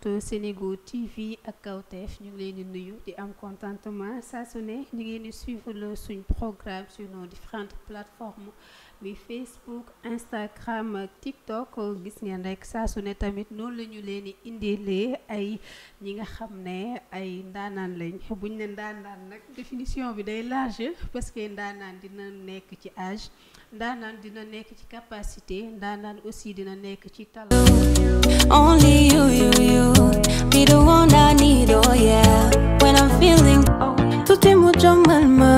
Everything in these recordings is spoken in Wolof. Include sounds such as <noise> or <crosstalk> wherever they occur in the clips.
internetu Senego TV ak Kawtef ñu ngi leen di nuyu di am contentement saa su ne ñu ngi leen di suivre le suñ programme sur nos différentes plateformes muy Facebook Instagram TikTok gis ngeen rek saa su tamit noonu la ñu leen di indilee ay ñi nga xam ne ay ndaanaan lañ buñ ne ndaanaan nag définition bi day large parce que ndaanaan dina nekk ci âge. ndaanaan dina nekk ci capacité ndaanaan aussi dina nekk ci talent. only you you you be the one I need oh yeah ma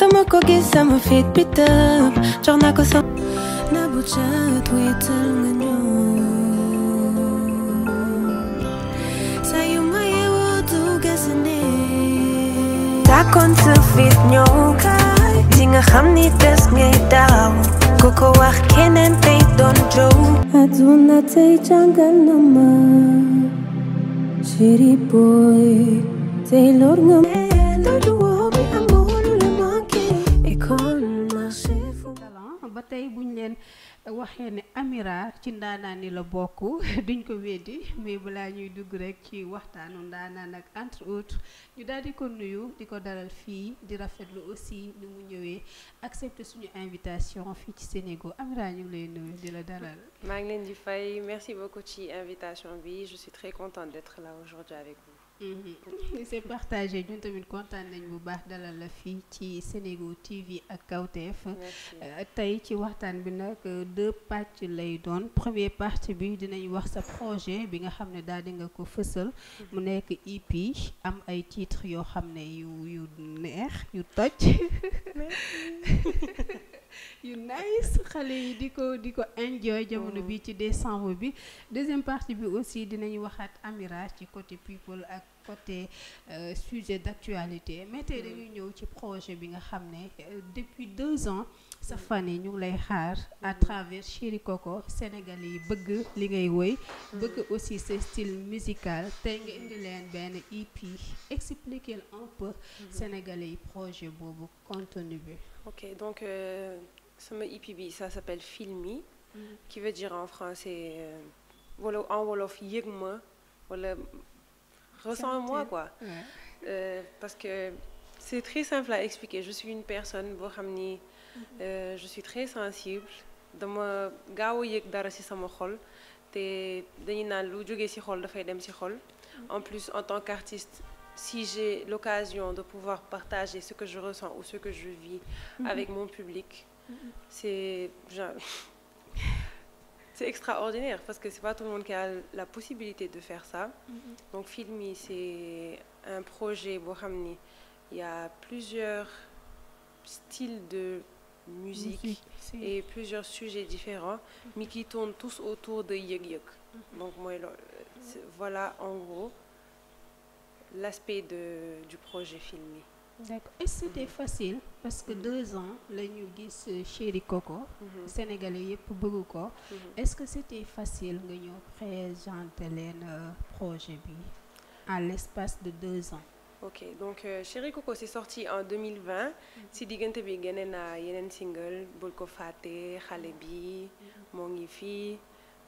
dama ko sama fit bi tëb jox naa na bu caat wéetal nga ñëw. saa yu ma yeewoo dugg sa néeg. sa fit ñëw dingen gaan niet best meer Koko wach ken en don jo Aduna te changa nama Shiri boy Te lor ngam ba tey buñ leen waxee ni Amira ci ndaanaan ni la bokk <laughs> duñ ko weddi mais balaa ñuy dugg rek ci waxtaanu ndaanaan ak entre autres ñu daal di ko nuyu di ko daral fii di rafetlu aussi ni mu ñëwee accepter suñu invitation fii ci Sénégal Amira ñu ngi lay nuyu di la dalal. maa ngi leen di fay merci beaucoup ci invitation bi je suis très contente d'être là aujourd'hui avec vous. Mm-hmm. <laughs> c'est partagé ñun tamit kontaan nañ bu baax dalal la fi ci Senego TV ak kawteef euh, tey ci waxtaan bi nag euh, dë pacc lay doon première partie bi dinañ wax sa projet bi nga xam ne daal di nga ko fësal mm-hmm. mu nekk EP am ay titres yoo xam ne yu yu neex yu toj <laughs> <laughs> yu nice xale yi di ko di ko enjoy jamono bi ci décembre bi deuxième partie bi aussi dinañu waxaat Amira ci côté people ak côté euh, sujet d'actualité mais tey dañuy mm. ñëw ci projet bi nga xam ne euh, depuis deux ans sa fan yi ñu ngi lay xaar à mm. travers Chéri Coco Sénégal yi bëgg li ngay woy mm. bëgg aussi ce style musical tey nga indi leen benn EP expliquer un peu mm-hmm. Sénégalais yi projet boobu contenu bi ok donc euh, sama EP bi sa s'appelle Filmi qui veut dire en français wala en wolof yëg ma wala Ressens-moi, quoi. Ouais. Euh, parce que c'est très simple à expliquer. Je suis une personne, boo xam ni mm-hmm. euh, je suis très sensible. dama gaaw a yëg dara ci sama xol te dañuy naan lu jógee ci xol dafay dem ci xol. Mm-hmm. En plus, en tant qu'artiste, si j'ai l'occasion de pouvoir partager ce que je ressens ou ce que je vis mm -hmm. avec mon public, mm -hmm. c'est genre <laughs> c'est extraordinaire parce que c'est pas tout le monde qui a la possibilité de faire ça. Mm -hmm. Donc film yi c'est un projet boo xam ni il y a plusieurs styles de musique, musique si. et plusieurs sujets différents mm-hmm. mais qui tournent tous autour de yëg-yëg. Mm-hmm. Donc mooy loolu voilà en gros l'aspect de du projet film yi. d'accord et c'était facile parce que deux ans la ñu gis euh, Chéri Coco. Mm-hmm. Sénégalais yëpp bëggu ko. Mm-hmm. est-ce que c'était facile nga ñëw présenter leen euh, projet bi en l'espace de deux ans. ok donc euh, Chéri Coco c'est sorti en 2020 mm-hmm. si diggante bi génne naa yeneen single bul ko fàtte xale bi moo ngi fii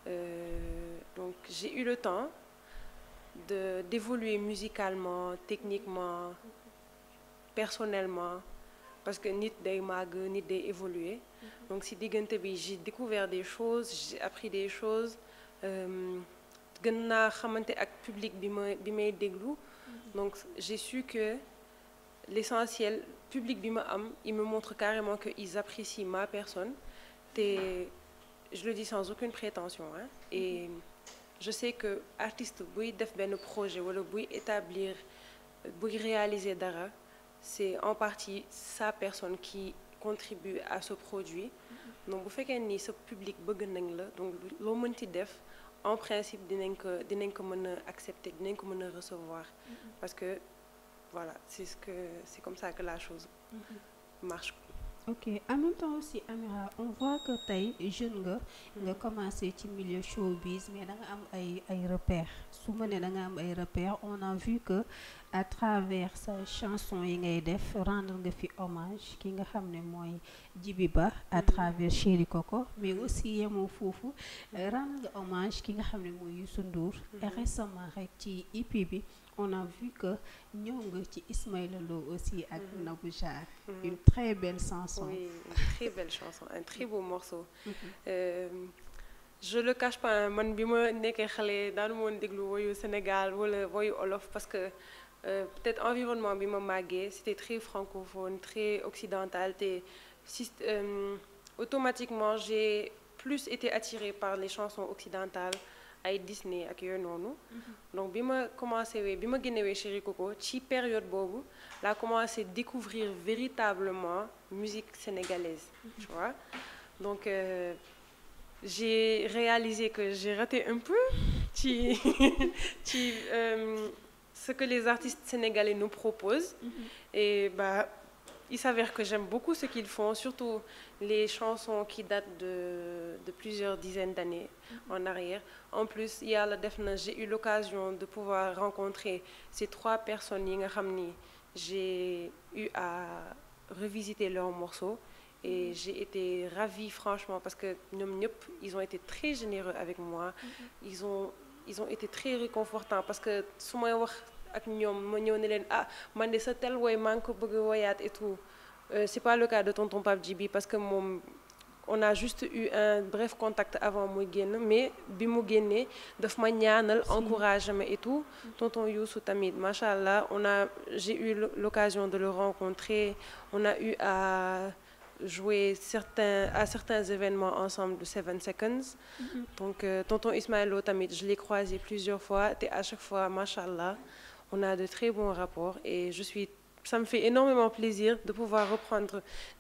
euh, donc j'ai eu le temps de d'évoluer musicalement techniquement. personnellement parce que nit day màgg nit day évoluer mm-hmm. donc si diggante bi j'ai découvert des choses j'ai appris des choses euh, gën naa xamante ak public bi ma bi may déglu mm-hmm. donc j'ai su que l'essentiel public bi ma am il me montre carrément que ils apprécient ma personne te je le dis sans aucune prétention hein et mm-hmm. je sais que artiste buy def benn projet wala buy établir buy réaliser dara c'est en partie sa personne qui contribue à ce produit donc bu fekkee nii sa publique bëgg nañ la donc loo mën mënti def en principe dinañ ko dinañ ko mën a accepter dinañ ko mën a recevoir mm-hmm. parce que voilà c'est ce c'est comme ça que la chose mm-hmm. marche ok en même temps aussi Amira on voit que tey jeune nga nga commencé ci milieu showbiz mais da am ay ay repères su ma ne da nga am ay repères on a vu que à travers sa chanson yi ngay def rendre nga fi hommage ki nga xam ne mooy jibi Ba à mhm. travers Chéri ko mais aussi yemoo foofu euh, rendre nga hommage ki nga xam ne mooy Youssou Ndour mhm. récemment rek ci EP bi on a vu que ñëw nga ci Ismaïla Lo aussi ak mm-hmm. Nabou mm-hmm. une très belle chanson un très beau morceau mm-hmm. euh, je le cache pas man bi ma nekkee xale daanu moon déglu woyu Sénégal wala woyu olof parce que euh, peut environnement bi ma màggee c'était très francophone très occidental te si euh, automatiquement j'ai plus été attirée par les chansons occidentales ay Disney ak yooyu noonu. Mm-hmm. donc bi ma commencé wee bi ma génnewee Chéri Coco ci période boobu laa commencé découvrir véritablement musique sénégalaise. tu mm-hmm. vois donc euh, j'ai réalisé que j'ai raté un peu <laughs> ci <laughs> ci euh, ce que les artistes sénégalais nous proposent. Mm-hmm. et bah. il s'avère que j'aime beaucoup ce qu'ils font, surtout les chansons qui datent de, de plusieurs dizaines d'années en arrière. En plus, yàlla def na j'ai eu l'occasion de pouvoir rencontrer ces trois personnes yi nga xam ni j'ai eu à revisiter leurs morceaux et mm-hmm. j'ai été ravie franchement parce que ñoom ñëpp ils ont été très généreux avec moi. Mm-hmm. ils ont ils ont été très réconfortants parce que su may wax. ak ñoom ma ñëw ne leen ah man de sa tel wooy maa ngi ko bëgg woyaat et tout euh, c'est pas le cas de tonton Pape Djibi parce que moom on a juste eu un bref contact avant muy génn mais bi mu génnee daf ma ñaanal encouragé ma et tout tonton Youssou tamit macha allah on a j'ai eu l'occasion de le rencontrer on a eu à jouer certains à certains événements ensemble de Seven Seconds. Mm-hmm. donc euh, tonton Ismaël Lo tamit je l'ai croisé plusieurs fois te à chaque fois macha allah. On a de très bons rapports et je suis ça me fait énormément plaisir de pouvoir reprendre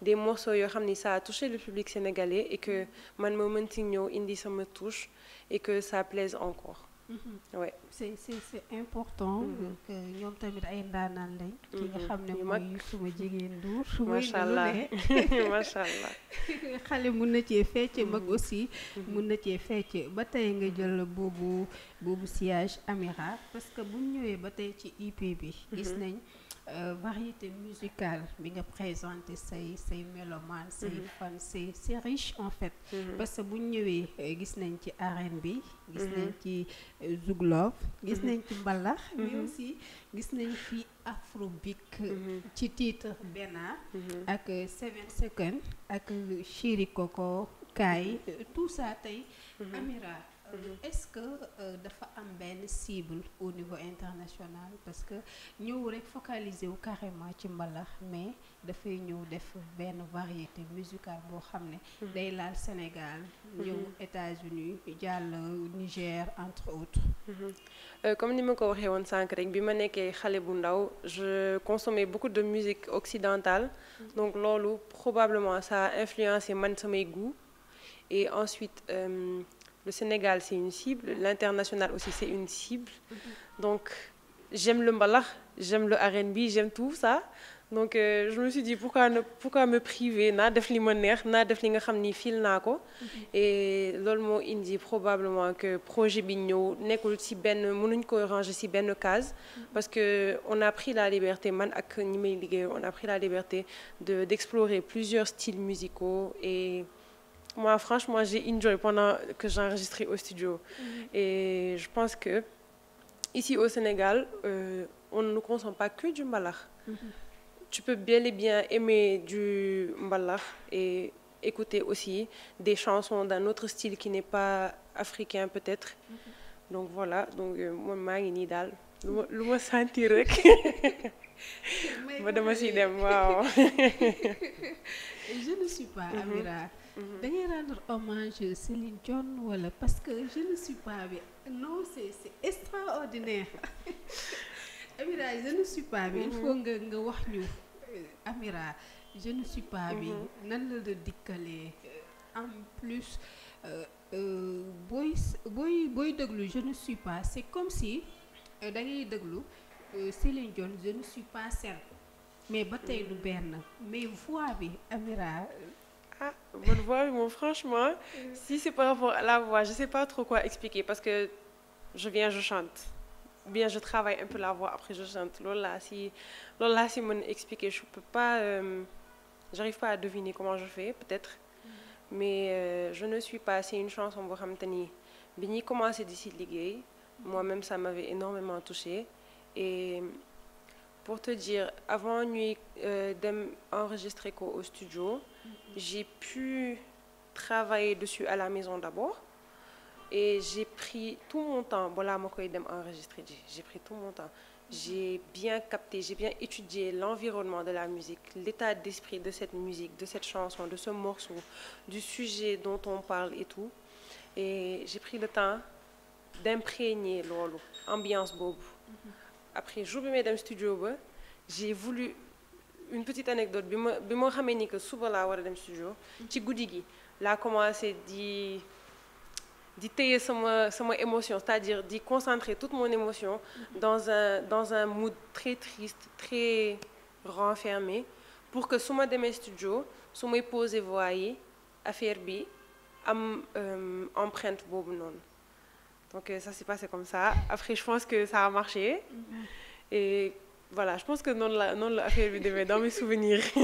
des morceaux yoo xam ni ça a touché le public sénégalais et que man ma mën ci ñëw indi sama touche et que ça plaise encore Mm-hmm. oui c'est c'est c'est important. Mm-hmm. ñoom tamit ay ndaanaan lañ. ki nga mm-hmm. xam ne mooy suma jigéen Ndour. macha allah <laughs> macha <laughs> xale mun na cee fecc mag aussi. mun na cee fecc ba tey nga jël boobu boobu siège Amira parce que bu ñëwee ba tey ci IP bi. gis nañ. Euh, variété musicale bi nga présenté say say mélomane say mm-hmm. fan c'est c'est en fait mm-hmm. parce que bu ñëwee euh, gis nañ ci R&B bi mm-hmm. euh, gis nañ ci zougloof gis nañ ci mbala mais gis nañ fi afrobeat ci titre Bena ak Seven Seconds ak Chiri Koko tey Amira Mm-hmm. est-ce que euh, dafa am benn cible au niveau international parce que ñëw rek focaliser wu carrément ci mbala mais dafay ñëw def benn variété musicale boo xam ne mm-hmm. day laal Sénégal mm-hmm. ñëw États-Unis jàll Niger entre autres euh, comme ni ma ko waxee woon sànq rek bi ma nekkee xale bu ndaw je consommais beaucoup de musique occidentale donc loolu probablement ça a man samay goût et ensuite euh, Le Sénégal, c'est une cible. L'international aussi, c'est une cible. Donc, j'aime le mbalax, j'aime le R&B, j'aime tout ça. Donc, euh, je me suis dit, pourquoi, me priver naa def li ma neex naa def li nga xam ni fil naa ko. et loolu moo indi probablement que projet bi ñëw nekkul si benn mënuñ ko ranger si benn case. parce que on a pris la liberté man ak ñi may liggéey on a pris la liberté de d'explorer plusieurs styles musicaux Moi, franchement, j'ai enjoy pendant que j'ai enregistré au studio. Mhm. Et je pense que ici au Sénégal, euh, on ne consomme pas que du mbalakh. Mhm. Tu peux bien et bien aimer du mbalakh et écouter aussi des chansons d'un autre style qui n'est pas africain peut-être. Mhm. donc voilà donc euh, maa ngi nii daal lu ma lu ma <laughs> sentir rek ma dama <laughs> Mhm. dangay rendre hommage Céline Dion wala parce que je bi non c'est c'est extraordinaire <laughs> Amira je ne bi mhm. nga wax ñu euh, Amira je ne mhm. nan la la dikkalee euh, en plus euh, booy booy booy déglu je ne suis c'est comme si da ngay déglu Céline Dion je ne suis mais ba tey du benn mais voix bi Amira ah bonne voix mais bon franchement si c'est par rapport à la voix je sais pas trop quoi expliquer parce que je viens je chante bien je travaille un peu la voix après je chante loolu laa si loolu laa si mën expliquer je peux pas euh, j'arrive pas à deviner comment je fais peut-être mais euh, je ne suis pas c'est une chanson boo xamante ni bi ñuy commencé di si liggéey moi-même ça m'avait énormément touchée et pour te dire avant ñuy euh, dem enregistrer ko au studio J'ai pu travailler dessus à la maison d'abord et j'ai pris tout mon temps voilà ma koy dem enregistré ji j'ai pris tout mon temps j'ai bien capté j'ai bien étudié l'environnement de la musique l'état d'esprit de cette musique de cette chanson de ce morceau du sujet dont on parle et tout et j'ai pris le temps d'imprégner loolu ambiance boobu mm-hmm. après jour bi may dem studio ba une petite anecdote bi ma bi ma xamee ni que suba laa war a dem studio ci guddi gi laa commencé di di téye sama sama émotion c'est-à-dire di concentrer toute mon émotion dans un dans un mood très triste très renfermé pour que su ma demee studio su may poser voix yi affaire bi am euh, empreinte boobu noonu donc euh, ça s'est passé comme ça après je pense que ça a marché mm-hmm. voilà je pense que noonu la noonu la affaire bi demee dans mes souvenirs. <laughs>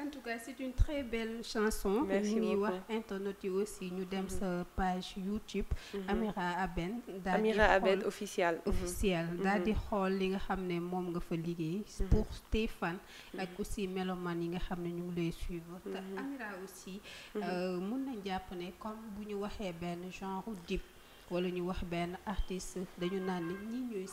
en tout cas c'est une très belle chanson. merci beaucoup ñuy wax internet yi aussi ñu dem mhm. sa page YouTube. Mhm. Amira Aben. daal Amira Aben officielle. Mhm. daal di xool li nga xam ne moom nga fa liggéey. pour tes fans. ak aussi mélomane yi nga xam ne ñu ngi lay suivre. te Amira aussi. Euh, mun nañ jàpp ne comme bu ñu waxee benn genre dip wala ñu wax benn artiste dañu naan ni ñi ñooy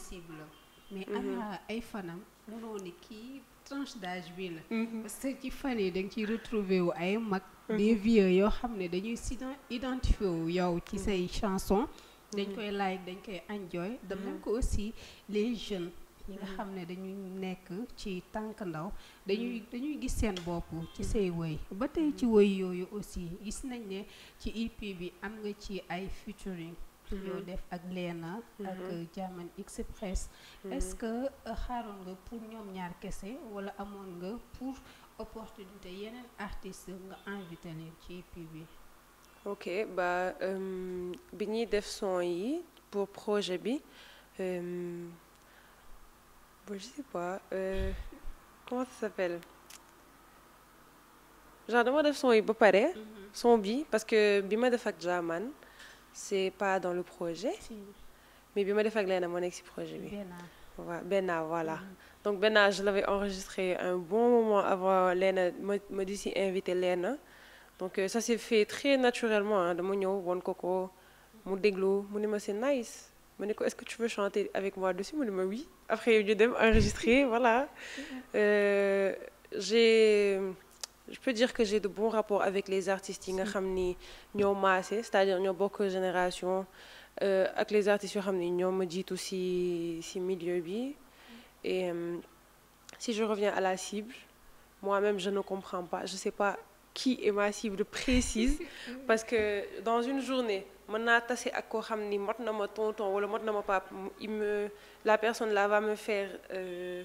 mais am mm-hmm. na ay fanam munoo kii tranche d'âge bii la mm-hmm. parce que ci fan yi da nga ciy retrouver wu ay mag mm-hmm. des yoo xam ne dañuy s'identifier wu yow ci say chanson dañ koy like dañ koy enjoy de ko aussi les jeunes ñi nga xam ne dañuy nekk ci tànk ndaw dañuy dañuy gis seen bopp ci say woy ba tey ci woy yooyu aussi gis nañ ne ci EP bi am nga ci ay featuring Mm-hmm. yoo def ak Léna ak Diamant mm-hmm. uh, Express mm-hmm. est-ce que uh, xaaroon nga pour ñoom ñaar kese wala amoon nga pour opportunité yeneen artiste nga invité ci EP bi ok ba um, bi ñuy def son yi pour projet bi euh, bon, je sais euh, comment ça s'appelle genre dama def son yi ba pare son bi parce que bi ma def ak Diamant c'est pas dans le projet. Si. mais bi ma def ak Léna moo nekk si projet bi. waaw Benna voilà. Mm -hmm. donc Benna je l'avais enregistré un bon moment avant Léna ma ma di si invité Léna donc euh, ça s'est fait très naturellement ah dama ñëw woon ko ko mu déglu mu ne ma c'est nice ma ne ko est-ce que tu veux chanter avec moi dessus mu ne ma oui après ñu <laughs> je peux dire que j'ai de bons rapports avec les artistes yi nga xam ni ñoo maase c'est-à-dire ñoo bokk génération euh, ak les artistes yoo xam ni ñoo ma jiitu si si milieu bi et euh, si je reviens à la cible moi-même je ne comprends pas je sais pas qui est ma cible précise <laughs> parce que dans une journée mën naa tase ak koo xam ni mot na ma tonton wala mot na ma pape il la personne là va me faire euh,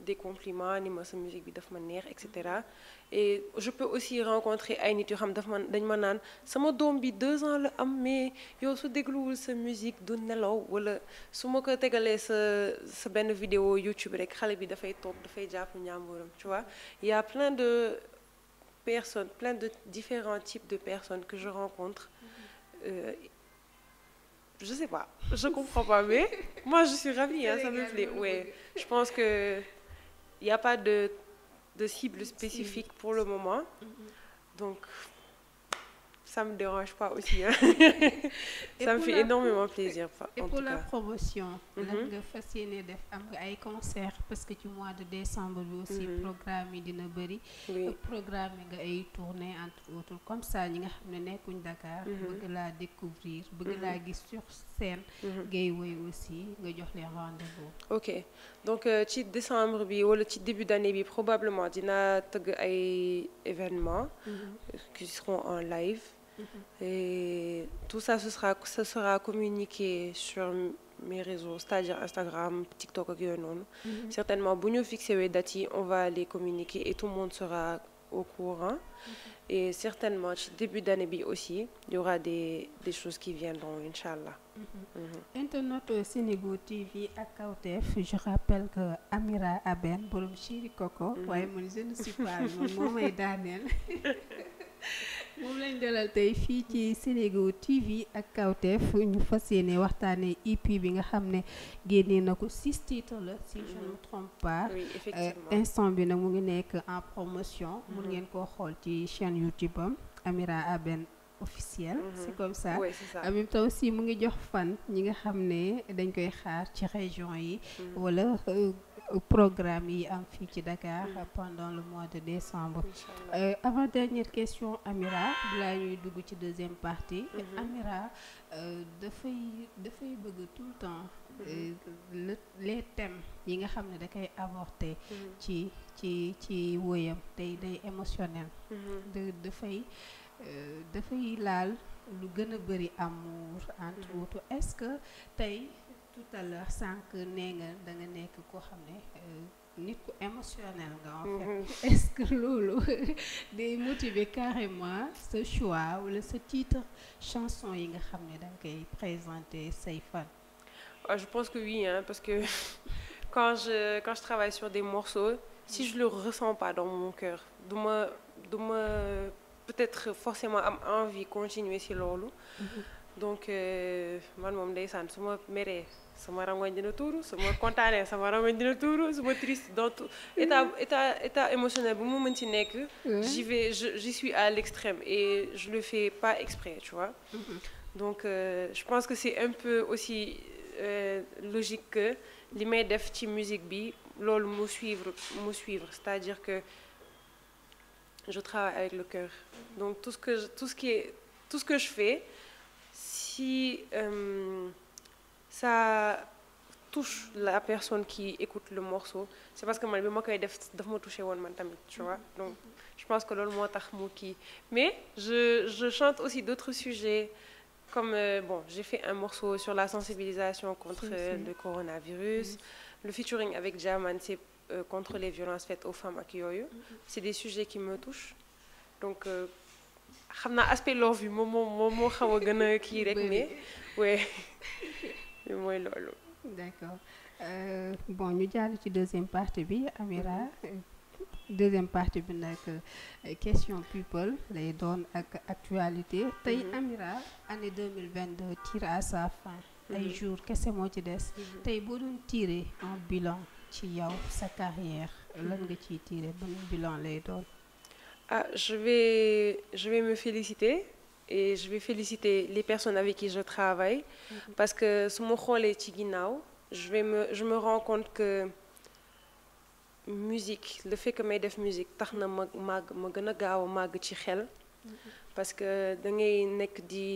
de compliments ni ma sa musique bi daf ma neex et cetera et je peux aussi rencontrer ay nit yoo xam dafa ma dañ ma naan sama doom bi deux ans la am mais yow su dégluwul sa musique du nelaw wala su ma ko tegalee sa sa benn vidéo YouTube rek xale bi dafay toog dafay jàpp ñàmburam coi vois il de personnes plein de différents types de personnes que je rencontre mm-hmm. euh, je sais pas je comprends pas mais <laughs> moi je suis ravie hein, ça me ouais je pense que Il n'y a pas de, de cible spécifique pour le moment. Mm-hmm. Donc, ça me dérange pas aussi hein. <laughs> la promotion mm-hmm. lan nga fas def am nga ay concert parce que ci mois de décembre bi aussi mm-hmm. programme yi dina bëri euh, programme nga ay tournée entre autres comme ça ñi nga xam ne nekkuñ Dakar mm-hmm. bëgg laa découvrir bëgg laa gis sur scène ngay woy aussi nga jox les rendez-vous ok donc euh, ci décembre bi wala ci début d'année bi probablement dina tëgg ay événements qui seront en live Et tout ça, ce sera, ce sera communiqué sur mes réseaux, cest Instagram, TikTok, et non. Mm Certainement, si nous fixons les on va les communiquer et tout monde sera au courant. Et certainement, début d'année aussi, il y aura des, choses qui viendront, Inch'Allah. Mm -hmm. TV à Kautef, je rappelle que Amira Aben, Borom Chiri Coco, ouais, mhm. je ne suis pas, mon moment est moom lañ dalal tey fii ci Senego TV ak Kawtef ñu fas yéene waxtaanee EP bi nga xam ne génnee na ko six titres la si je ne euh, instant bi nag mu ngi nekk en promotion mun ngeen koo xool ci chaîne YouTube Amira Aben officiel. Mhm. c'est comme ça en même temps mu ngi jox fan ñi nga xam ne dañ koy xaar ci région yi mhm. wala euh, programme yi am fii ci Dakar mhm. pendant le mois de décembre euh, avant dernière question Amira balaa ñuy dugg ci deuxième partie Amira euh, dafay dafay bëgg tout le temps les thèmes yi nga xam ne da koy aborder ci ci ci woyam tey day émotionnel dafay Euh, dafay laal lu gën a bëri amour entre mm-hmm. autres est-ce que tey tout à l'heure sànq nee nga nekk koo xam ne euh, nit ku émotionnel nga en fait mm-hmm. <laughs> est-ce que loolu <laughs> day motiver carrément sa choix wala sa titre chanson yi nga xam ne da nga koy présenter say fan je pense que oui parce que <laughs> quand je travaille sur des morceaux si mm. je le ressens pas dans mon cœur du ma du ma peut-être forcément am envie continuer si loolu mhm. donc euh, man moom ndeysaan su suma meree sama rangoñ dina tuuru su ma kontaanee sama rangoñ dina tuuru su ma triste donc mhm. état état état émotionnel bu mu nekk j'y vais suis à l'extrême et je le fais pas exprès tu vois mhm. donc euh, je pense que c'est un peu aussi euh, logique que li may def ci musique bi loolu mu suivre mu suivre c'est-à-dire que je travaille avec le cœur. Donc tout ce que je, tout ce qui est, tout ce que je fais, si euh, ça touche la personne qui écoute le morceau, c'est parce que man bi ma koy def daf ma touché woon man tamit tu vois. Mhm. Donc je pense que loolu moo tax mu kii mais je je chante aussi d'autres sujets comme euh, bon j'ai fait un morceau sur la sensibilisation contre si, si. Euh, le coronavirus. Oui. Mhm. Le featuring avec Jaman c'est euh, contre les violences faites aux femmes ak yooyu c'est des sujets qui me touchent donc euh, xam naa aspect love bi moom moom moom moo xaw a gën a kii rek mais ouais <laughs> mooy loolu d'accord euh, bon ñu jàll ci deuxième partie bi Amira deuxième partie bi nag euh, question people lay doon ak actualité tey mhm. Amira année 2022 tire à sa fin ay mhm. jours kese moo ci des mhm. tey boo doon tirer un bilan ci yow sa carrière lan nga ciy tiré ban bilan lay doon. ah je vais je vais me féliciter et je vais féliciter les personnes avec qui je travaille. Mhm. parce que su ma xoolee ci ginnaaw je vais me je me rends compte que musique le fait may def musique tax na ma màgg ma gën a gaaw a màgg ci xel. Mhm. parce que da ngay nekk di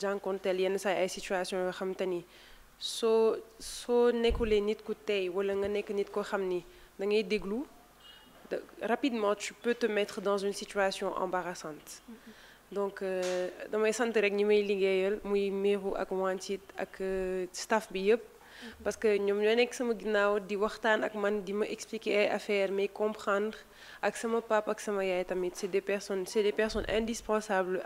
jànkonteel yenn saa ay situation yoo xam te ni. soo soo nekkulee nit ku tey wala nga nekk nit koo xam ni da ngay déglu rapidement tu peux te mettre dans une situation embarrassante donc euh, damay sant rek ñi may liggéeyal muy Meru ak Wantit ak euh, staff bi yëpp parce que ñoom ñoo nekk sama ginnaaw di waxtaan ak man di ma expliquer ay affaire mais comprendre ak sama papa ak sama yaay tamit c'est des personnes c'est des personnes indispensables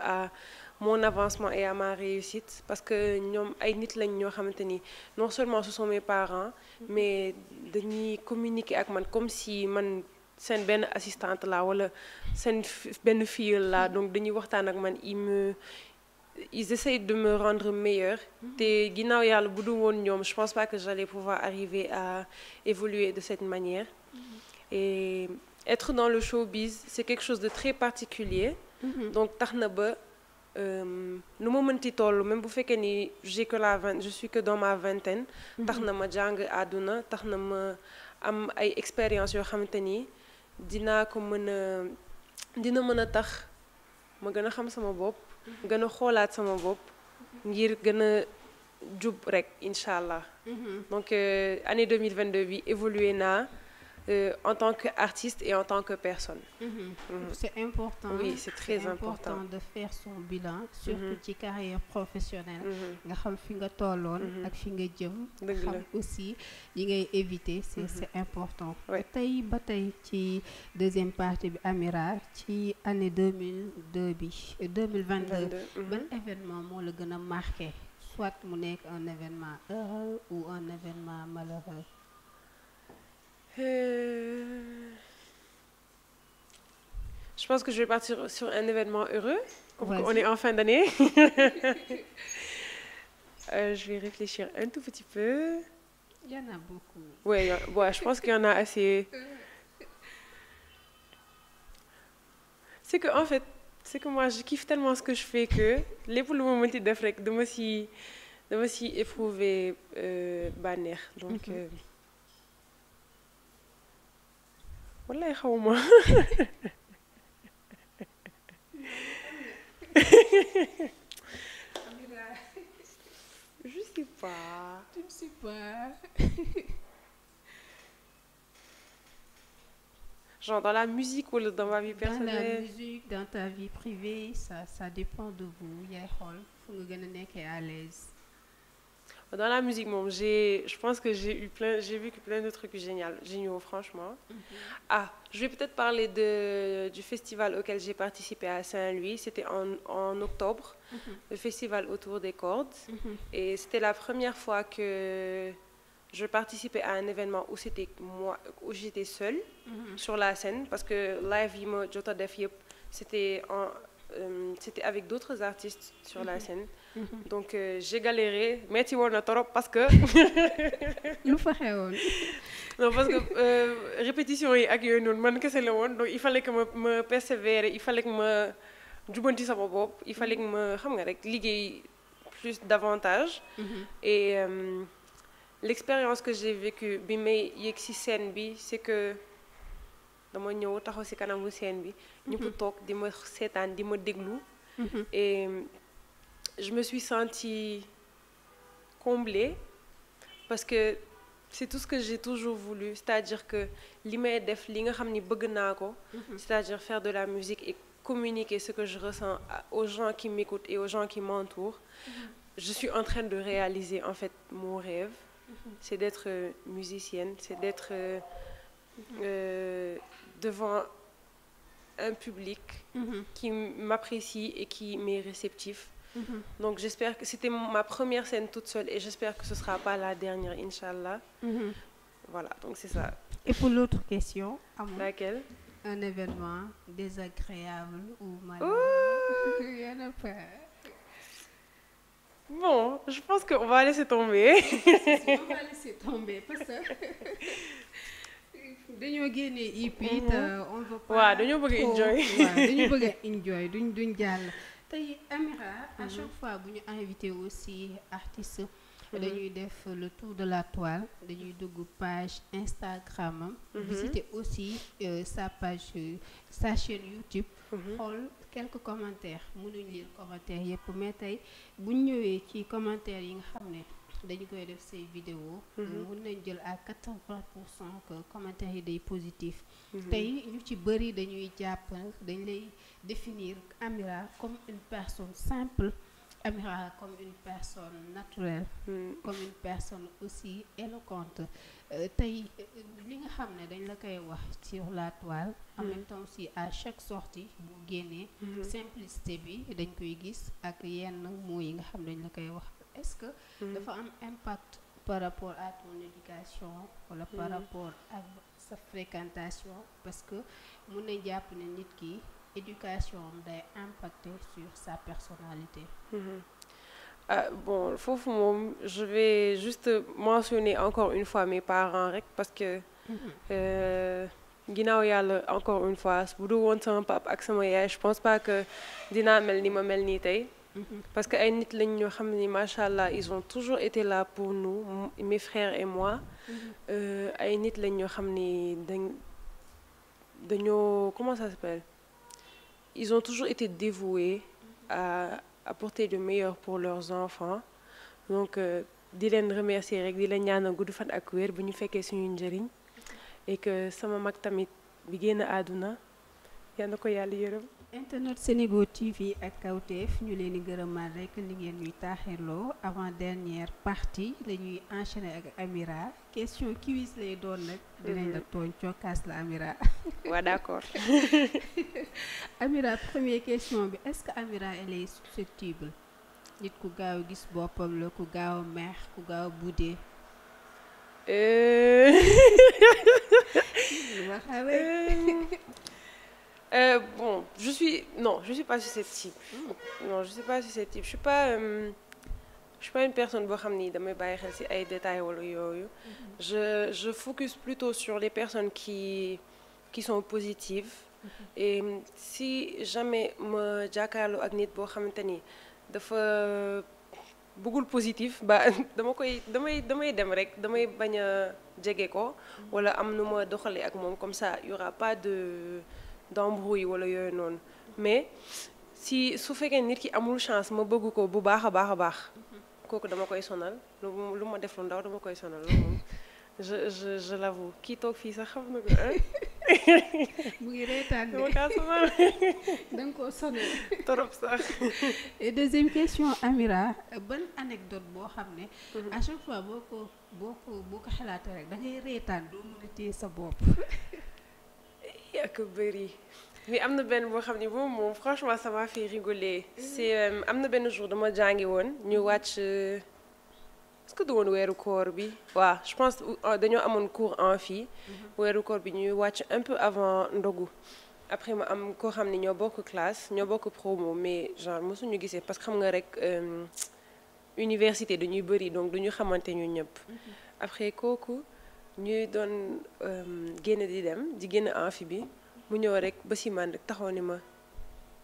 mon avancement et à ma réussite parce que ñoom ay nit lañ ñoo xamante ni non seulement ce sont mes parents mais dañuy communiquer ak man comme si man seen benn assistante la wala seen benn fille la donc dañuy waxtaan ak man il me ils de me rendre meilleure te ginnaaw yàlla bu du woon ñoom je pense pas que j'allais pouvoir arriver à évoluer de cette manière et être dans le showbiz c'est quelque chose de très particulier mm-hmm. donc tax na ba Euh, nu ma mën ti toll même bu fekkee ni j'ai que la vingt je suis que dans vingtaine. Mhm. tax na ma jàng àdduna tax na ma am ay expérience yoo xamante ni dinaa ko mën a dina mën a tax ma gën a xam sama bopp. Mhm. gën a xoolaat sama bopp. ngir gën a jub rek incha allah. Mhm. donc euh, année 2022 bi évoluer naa. euh, en tant qu'artiste et en tant que personne. Mm-hmm. Mm-hmm. C'est important. Oui, c'est de faire son bilan. surtout mm-hmm. ci carrière professionnelle. nga xam fi nga tolloon. ak fi nga jëm. xam aussi yi ngay éviter c'est c'est important. tey ba tey ci deuxième partie bi Amira ci année deux mille deux bi deux mille vingt deux. événement moo la gën a marqué. soit mu nekk un événement heureux ou un événement malheureux. Euh... Je pense que je vais partir sur un événement heureux. On est en fin d'année. <laughs> euh, je vais réfléchir un tout petit peu. Il y en a beaucoup. Oui, ouais, je pense qu'il y en a assez. C'est que, en fait, c'est que moi, je kiffe tellement ce que je fais que les poules vont monter d'Afrique. De moi aussi, de moi aussi éprouver euh, banner. Donc. Mm -hmm. euh, wallaay xaw ma je sais pas. je ne sais pas. genre dans la musique wala dans ma vie personnelle. dans la musique dans ta vie privée ça ça dépend de vous yaay xool fu nga gën a nekkee à l'aise Dans la musique, je pense que j'ai eu plein, j'ai vu plein de trucs géniaux, géniaux franchement. Mhm. Ah, je vais peut-être parler de, du festival auquel j'ai participé à Saint-Louis. C'était en, octobre, mm -hmm. le festival autour des cordes. Mm -hmm. Et c'était la première fois que je participais à un événement où c'était moi, où mhm. sur la scène, parce que live, Jota Def, c'était, euh, c'était avec d'autres artistes sur la mhm. scène. Mm-hmm. donc euh, j'ai galéré metti woon na torop parce que. <laughs> lu fa xewoon. <laughs> parce que euh, répétition yi ak yooyu noonu man kese la woon donc il fallait que ma ma persévérer il fallait que ma jubanti sama bopp il fallait que ma xam nga rek liggéey plus davantage. Mm -hmm. et euh, l'expérience que j'ai vécue bi may yegg ci seen bi c'est que. dama ñëw taxaw ci kanamu scène bi. ñëpp mm-hmm. toog di ma seetaan di ma déglu. Mm-hmm. et je me suis sentie comblée parce que c'est tout ce que j'ai toujours voulu c'est-à-dire que li may def li nga xam ni bëgg naa ko mhm. c'est-à-dire faire de la musique et communiquer ce que je ressens aux gens qui m'écoutent et aux gens qui m'entourent mhm. je suis en train de réaliser en fait mon rêve mhm. c'est d'être euh, musicienne c'est d'être euh, euh, devant un public qui m'apprécie et qui m'est réceptif Mm -hmm. Donc j'espère que c'était ma première scène toute seule et j'espère que ce sera pas la dernière, Inch'Allah. Mm -hmm. Voilà, donc c'est ça. Et pour l'autre question, Amon, laquelle? Un événement désagréable ou malheureux. <laughs> Il y en a Bon, je pense qu'on va laisser tomber. <laughs> On va laisser tomber parce que <laughs> dañoo génnee EP. te on va pas. waaw dañoo enjoy. waaw dañoo bëgg a enjoy duñ duñ tey Amira à mhm. chaque fois bu ñu invité aussi artiste mhm. dañuy def le tour de la toile dañuy dugg page Instagram am mhm. aussi euh, sa page sa chaîne YouTube xool quelques commentaires mënuñ lire commentaires yëpp mais tey buñ ñëwee ci commentaires yi nga xam ne dañu koy def se vidéo mun mhm. nañ jël ak quatre pour cent que commentaires yi day positif mhm. tey ñu ci bëri dañuy jàpp dañ lay définir Amira comme une personne simple Amira comme une personne naturelle mm. comme une personne aussi éloquente euh, tey euh, li nga xam ne dañ la koy wax ci sur la toile am mhm. même temps aussi à chaque sortie bu génnee simplicité bi dañ koy gis ak yenn moo yi nga xam ne dañ la koy wax est-ce que hmm. dafa am impact par rapport à ton éducation wala par hmm. ak sa fréquentation parce que mun na jàpp ne nit ki éducation am day impacter sur sa personnalité hmm. ah foofu moom je vais juste mentionner encore une fois mes parents rek parce que euh, ginnaaw yàlla encore une fois bu du woon sa pap ak sama yaay je pense pas que dinaa mel ni ma mel nii tey parce que ay nit lañ ñoo xam ni macha allah ils ont toujours été là pour nous mes frères et moi. Mm-hmm. Euh, ay nit lañ ñoo xam ni dañ dañoo comment ça s'appelle ils ont toujours été dévoués à apporter le meilleur pour leurs enfants donc euh, di leen remercier rek di leen ñaanal gudd fan ak wér bu ñu fekkee suñu njëriñ et que sama mag tamit bi génn àdduna yal na ko yàlla yërëm. internet Senego TV ak Kawtef ñu leen di gërëmaat rek ni ngeen ñuy taaxirloo avant dernière partie lañuy ñuy ak Amira question quiz lay doon nag. Mhm. dinañ la tooñ cokkaas la Amira. waaw <laughs> <laughs> question bi est-ce que Amira elle est nit ku gaaw gis boppam la ku gaaw a mer ku gaaw a buddee. Euh. <laughs> Euh, bon, je suis. Non, je ne hmm. suis pas susceptible. je ne suis pas susceptible. Je ne suis pas. Euh, je suis pas une personne qui a détails. Hmm. Je, je focus plutôt sur les personnes qui, qui sont positives. Hmm. Et si jamais ma jàkkaarloo ak nit boo xamante ni dafa bëggul positif ba <laughs> dama koy damay damay dem rek damay bañ a jege ko wala am nu ma doxalee ak moom comme ça y aura pas de. d'embrouille wala yooyu noonu mais si su fekkee nit ki amul chance ma bëgg ko bu baax a baax a baax kooku dama koy sonal lu ma def lu ndaw dama koy sonal loolu moom je kii toog fii sax xam na ko <laughs> mu ngi reetaan da <laughs> nga koo sonal <laughs> trop sax et deuxième question Amira ban anecdote boo xam ne mhm. à chaque fois boo ko boo ko boo rek da ngay reetaan doo mën a téye sa bopp <laughs> ak bëri mais am na benn boo xam ne boobu moom franchement ça m'a fait rigoler c'est euh, am na benn jour dama jàngi woon ñu wàcc euh, est-ce que du woon weeru koor bi waa je pense euh, dañoo amoon cours en fii mm-hmm. weeru koor bi ñuy wàcc un peu avant ndogu après ma am koo xam ne ñoo bokk classe ñoo bokk promo mais genre mosuñu gisee parce que xam nga rek université dañuy bëri donc duñu xamante ñu ñëpp mm-hmm. après kooku ñuy doon ehm, génn di dem di génn amphi bi mu ñëw rek ba si man rek taxaw ni ma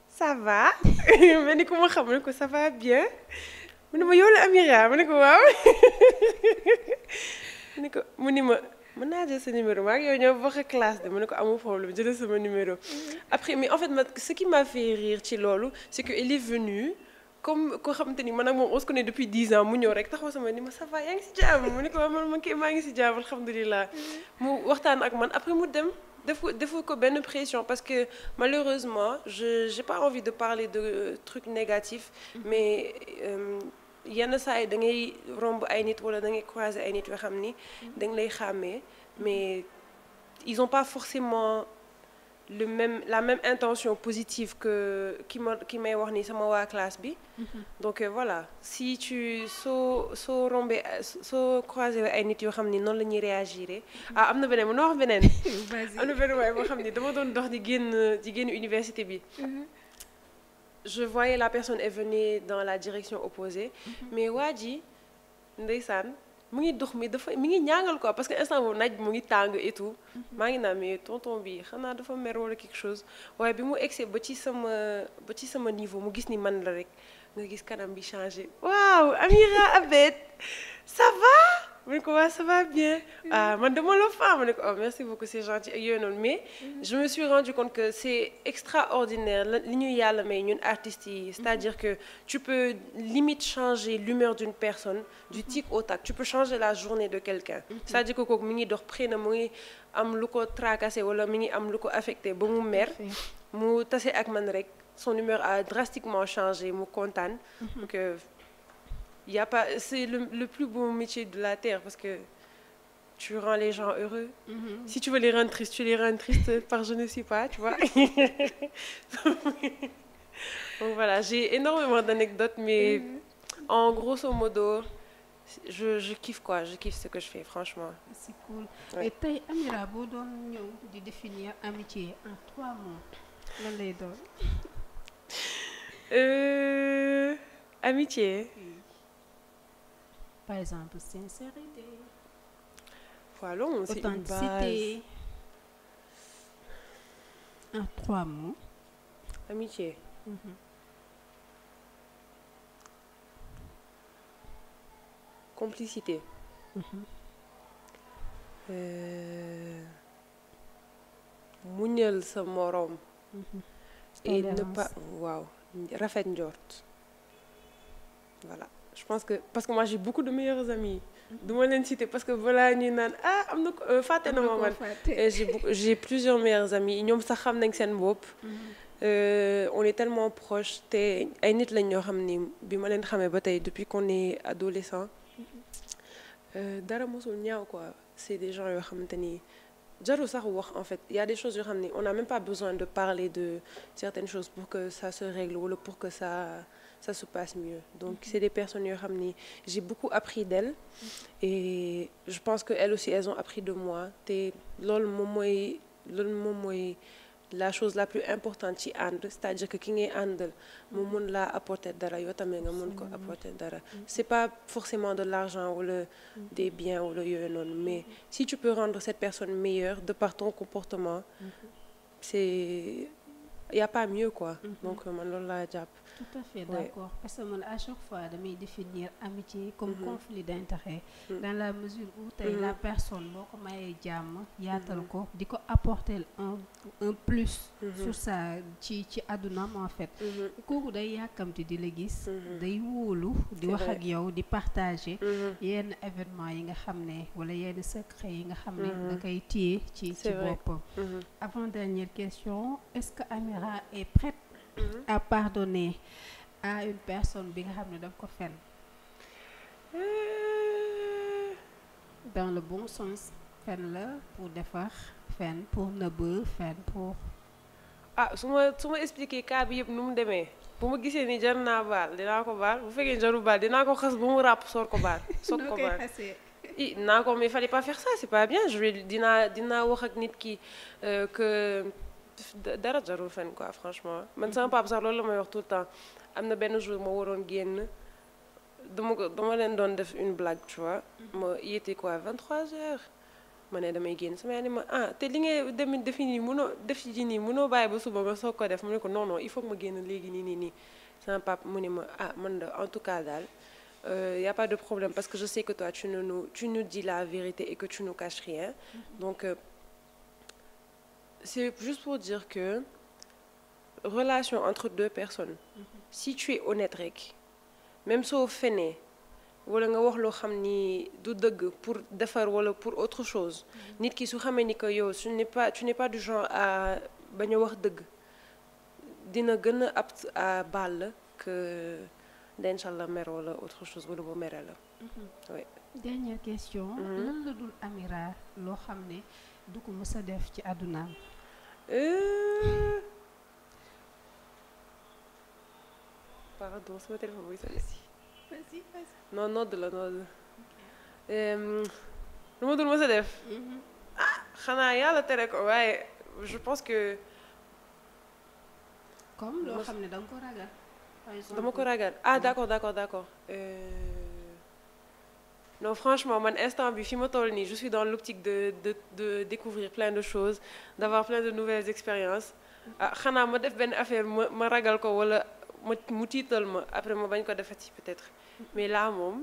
ça <laughs> mel ni ku ma xam ne ko ça va bien mu ne ma yow la Amira ma ne ko waaw <laughs> mu ne ko mu ni ma mën naa jël sa numéro maa ngi yow ñoo bokk classe de mu ne ko amul problème jële sama numéro mm-hmm. après mais en fait ma ce qui m'a fait ci loolu c'est que il est venu comme koo xamante ni man ak moom on se depuis ans mu ñëw rek taxaw sama ni ma ça yaa ngi si jàmm mu ne ko man man kii maa ngi si jàmm alhamdulilah mu waxtaan ak man après mu dem def defu ko benn pression parce que malheureusement je j'ai pas envie de parler de trucs négatif mhm. mais euh, yenn saa yi da ngay romb ay nit wala da ngay croiser ay nit yoo xam ni mhm. da lay xàmmee mais ils ont pas forcément le même la même intention positive que ki ma ki may wax ni sama waa bi. Mm-hmm. donc euh, voilà si tu so soo rombé soo croisé ay nit yoo xam ni noonu la ñuy réagir mm-hmm. ah am na beneen mën na wax beneen. <laughs> am na beneen waaye boo di génn di génn université bi. Mm-hmm. je voyais la personne est venue dans la direction opposée. mais waa ji ndeysaan. mu ngi dox mi dafa mi ngi ñàngal quoi parce que instant boobu naaj mu ngi tàng et mhm. maa ngi naa mais tonton bi xanaa dafa mer wala quelque chose waaye bi mu egsee ba ci sama ba ci sama niveau mu gis ni man la rek nga gis kanam bi changé waaw Amira Abed ça mu ne ko waaw bien ah man dama la faa ma ne ko oh merci beaucoup c'est gentil ak yooyu noonu mais mhm. je me suis rendu compte que c'est extraordinaire li ñuy yàlla may ñun artistes yi c'est-à-dire mhm. que tu peux limite changer l'humeur d'une personne du mhm. tic au tac tu peux changer la journée de quelqu'un c'est-à-dire que kooku mi ngi dox près na mu ngi am lu ko tracassé wala mi ngi am lu ko affecté ba mu mer mu tase ak man rek son humeur a drastiquement changé mu kontaan euh, y a pas c'est le, le plus beau métier de la terre parce que tu rends les gens heureux. Mm -hmm. Si tu veux les rendre tristes, tu les rends tristes <laughs> par je ne sais pas, tu vois. <laughs> Donc voilà, j'ai énormément d'anecdotes, mais mm -hmm. en grosso modo, je, je kiffe quoi, je kiffe ce que je fais, franchement. C'est cool. Ouais. Et tey Amira boo doon ñëw di définir amitié en trois mots lan lay doon. euh, amitié. Mm. Par exemple, sincérité. Voilà, c'est une base. En trois mots. Amitié. Mm-hmm. Complicité. Mm-hmm. Euh, muñal sa moroom. Mm ne pas waaw rafet njort voilà. je pense que parce que moi j'ai beaucoup de meilleurs amis du ma leen citer parce que voilà ñuy naan a ah, am na ko euh, fàtte na ma et j'ai plusieurs meilleurs amis ñoom sax xam nañ seen bopp mm-hmm. euh, on est tellement proche te ay nit lañ ñoo xam ni bi ma leen xamee ba tey depuis qu'on est adolescent euh, dara mosul ñaaw quoi c'est des gens yoo xamante ni jarul a des choses yoo xam ni on n'a même pas besoin de parler de certaines choses pour que ça se règle wala pour que ça ça se passe mieux. Donc, c'est des personnes, j'ai beaucoup appris d'elles et je pense qu'elles aussi, elles ont appris de moi. Et la chose la plus importante ci ànd c'est-à-dire que ki ngay àndal mu mm. mun laa apporter dara yow tamit nga mun ko apporter dara mm. c'est pas forcément de l'argent wala mm. des biens wala yooyu noonu mais si tu peux rendre cette personne meilleure de par ton comportement mm-hmm. c'est y a pas mieux quoi mm-hmm. donc man loolu laa jàpp tout à fait ouais. d'accord parce à chaque fois damay définir amitié comme mm-hmm. mm -hmm. conflit d'intérêt mm -hmm. dans la mesure où tey mm-hmm. la personne boo ko mayee jàmm yaatal mm-hmm. ko di ko apporter un un plus sur sa ci ci àddunaam en fait kooku day yàkkamti di la gis day wóolu di wax ak yow di partager yenn événement yi nga xam ne wala yenn secret yi nga xam ne da koy téye ci boppam avant dernière question est que Amira est prête Mm-hmm. à pardonner à une personne bi nga xam ne daf ko fen euh. dans le bon sens fen la pour defar fen pour nëbb fen pour ah su ma su ma expliqué cas bi yëpp nu mu demee bu ma gisee ni jar naa baal dinaa ko baal bu fekkee jaru baal dinaa ko xas bu mu ràpp soor ko baal soog ko <laughs> baal i naa ko mais fallait pas faire ça c'est pas bien je vais dinaa dinaa wax ak nit ki euh, que dara jarul fen quoi franchement man sama papa sax loolu la may wax tout le temps am na benn jour ma waroon génn dama ko dama leen doon def une blague tu vois mhm. ma yéete quoi 23 heures ma ne damay génn sama yaay ma ah te li ngay dem defi nii mënoo def ji nii mënoo bàyyi ba suba ma soog ko def mu ne ko non non il faut ma génn léegi nii nii nii sama papa mu ne ma ah man de en tout cas daal Euh, a pas de problème parce que je sais que toi tu ne nous tu nous dis la vérité et que tu mhm. donc euh, c'est juste pour dire que relation entre deux personnes mm -hmm. si honnête rek même soo fenee wala nga wax loo xam ni du dëgg pour defar wala pour autre chose mhm. nit ki su xamee ni que yow su n'est pas tu n'es du genre à ba a wax dëgg dina gën a apte à baal la que incha allah mer wala autre chose wala bu mere la mhm. oui mhm. la dul amira loo xam ne du ko mës def ci àddunaam Euh. pardon sama téléphone mooy sonné si. vas-y vas non nodd euh, mm-hmm. ah, la nodd. lu ma dul mës ah xanaa yàlla tere ko waaye je pense que. comme loo xam ne da ko ragal. ko ragal ah d'accord d'accord euh, non franchement man instant bi fi ma toll nii je suis dans l'optique de de de découvrir plein de choses d'avoir plein de nouvelles expériences ah xanaa ma def benn affaire ma ma ragal ko wala ma mu tiital ma après ma bañ ko defati peut-être mais la moom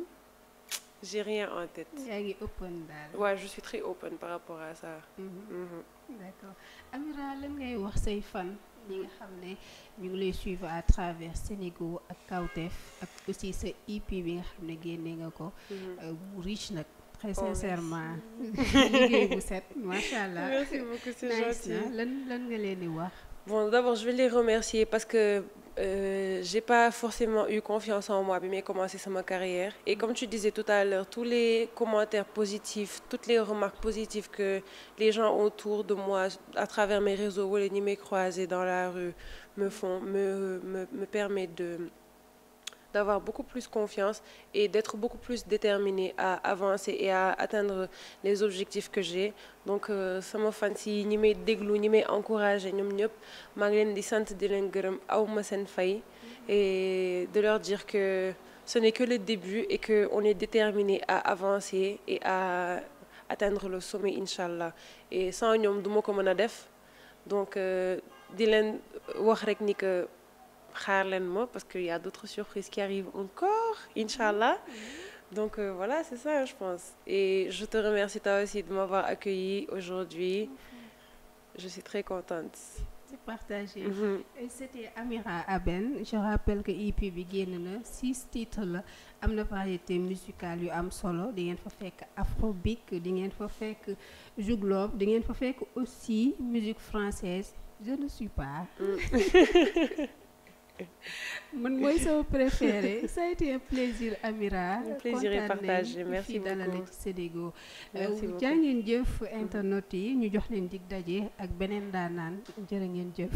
j'ai rien en tête. yaa ngi open daal. waaw je suis très open par rapport à ça. Mhm. Mhm. Amira lan ngay wax say fan. ñi nga xam ne ñu ngi lay suivre à travers Sénégo ak Kawtef ak aussi sa EP bi nga xam ne génnee nga ko mm-hmm. euh, bu riche nag très oh, sincèrement <laughs> liggéey bu set macha allah merci beaucoup lan lan nga leen di wax je vais remercier parce que euh, j'ai pas forcément eu confiance en moi, mais commencé sur ma carrière. Et comme tu disais tout à l'heure, tous les commentaires positifs, toutes les remarques positives que les gens autour de moi, à travers mes réseaux ou les numéros croisés dans la rue, me font, me, me, me permettent de d'avoir beaucoup plus confiance et d'être beaucoup plus déterminé à avancer et à atteindre les objectifs que j'ai donc euh, sama fans yi ñi may déglu ñi may encouragé ñoom ñëpp maa ngi leen di sant di leen gërëm awma seen fay et de leur dire que ce n'est que le début et que on est à avancer et à atteindre le sommet incha allah et sans ñoom du ma ko mën a def donc euh, di leen xaar leen ma parce qu'il y a d'autres surprises qui arrivent encore Inch'Allah mm-hmm. donc euh, voilà c'est ça je pense et je te remercie toi aussi de m'avoir accueilli aujourd'hui mm-hmm. je suis très contente partagé mm-hmm. c'était Amira Aben je rappelle que EP bi génn na six titres la am na variété musicale yu am solo di ngeen fa fekk afrobeat di ngeen fa fekk juglobe di ngeen fa fekk aussi musique française je ne suis pas mm. <laughs> man mooy sama préféré ça a plaisir Amira. un plaisir est partagé merci beaucoup nañu fii dalal ci Sénégo. merci euh, jëf internautes yi ñu jox leen dig daje ak beneen daanaan jërë ngeen jëf.